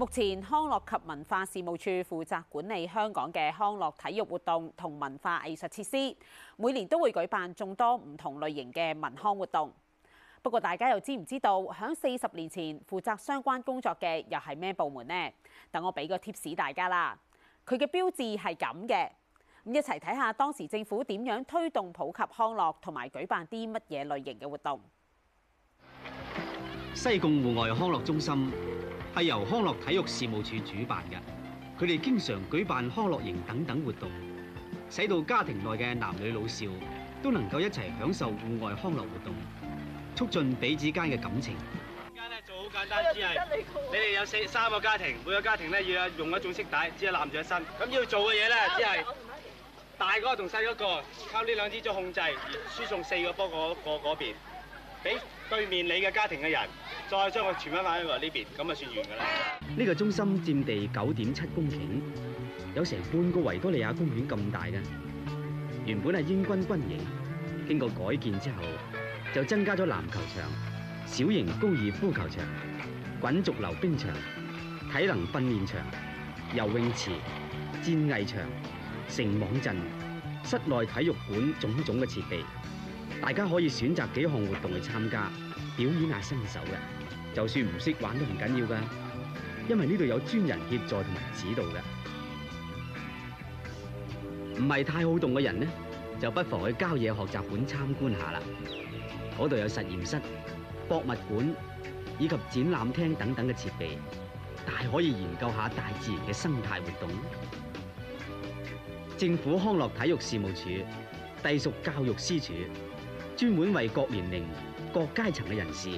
目前康樂及文化事務處負責管理香港嘅康樂體育活動同文化藝術設施，每年都會舉辦眾多唔同類型嘅文康活動。不過大家又知唔知道響四十年前負責相關工作嘅又係咩部門呢？等我俾個貼士大家啦，佢嘅標誌係咁嘅，咁一齊睇下當時政府點樣推動普及康樂同埋舉辦啲乜嘢類型嘅活動。西貢戶外康樂中心。係由康樂體育事務處主辦嘅，佢哋經常舉辦康樂營等等活動，使到家庭內嘅男女老少都能夠一齊享受戶外康樂活動，促進彼此間嘅感情。今日咧做好簡單，只係你哋有四三個家庭，每個家庭咧要用一種色帶，只係攬住一身。咁要做嘅嘢咧，只係大個同細個靠呢兩支做控制，輸送四個波過嗰邊。俾對面你嘅家庭嘅人，再將佢傳翻返嚟呢邊，咁啊算完㗎啦。呢個中心佔地九點七公頃，有成半個維多利亞公園咁大嘅。原本係英軍軍營，經過改建之後，就增加咗籃球場、小型高爾夫球場、滾軸溜冰場、體能訓練場、游泳池、戰藝場、繩網陣、室內體育館種種嘅設備。大家可以選擇幾項活動去參加，表演下身手嘅，就算唔識玩都唔緊要噶，因為呢度有專人協助同埋指導嘅。唔係太好動嘅人呢，就不妨去郊野學習館參觀下啦。嗰度有實驗室、博物館以及展覽廳等等嘅設備，大可以研究下大自然嘅生態活動。政府康樂體育事務處，隸屬教育司署。專門為各年齡、各階層嘅人士，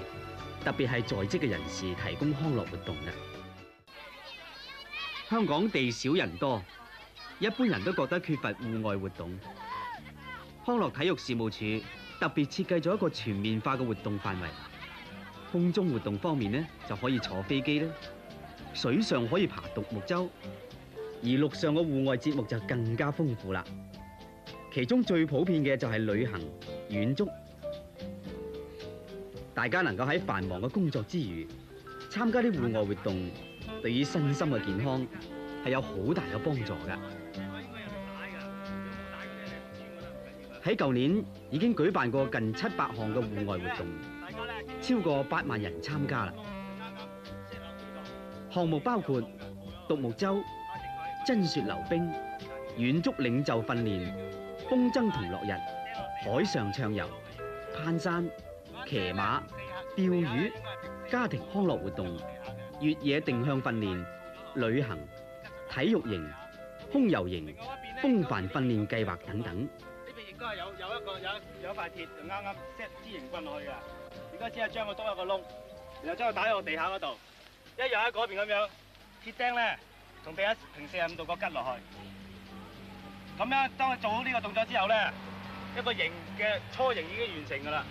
特別係在職嘅人士提供康樂活動嘅。香港地少人多，一般人都覺得缺乏戶外活動。康樂體育事務處特別設計咗一個全面化嘅活動範圍。空中活動方面呢，就可以坐飛機啦；水上可以爬獨木舟，而陸上嘅戶外節目就更加豐富啦。其中最普遍嘅就係旅行遠足，大家能夠喺繁忙嘅工作之餘參加啲戶外活動，對於身心嘅健康係有好大嘅幫助㗎。喺舊年已經舉辦過近七百項嘅戶外活動，超過八萬人參加啦。項目包括獨木舟、真雪溜冰、遠足領袖訓練。風箏同落日、海上暢遊、攀山、騎馬、釣魚、家庭康樂活動、越野定向訓練、旅行、體育營、空游營、風帆訓練計劃等等。呢邊應該係有有一個有有一塊鐵，就啱啱 set 支型棍落去啊！而家只係將佢築一個窿，然後將佢打喺個地下嗰度。一樣喺嗰邊咁樣，鐵釘咧，同俾一平四十五度角拮落去。咁樣，當佢做好呢個動作之後咧，一個型嘅雛形已經完成㗎啦。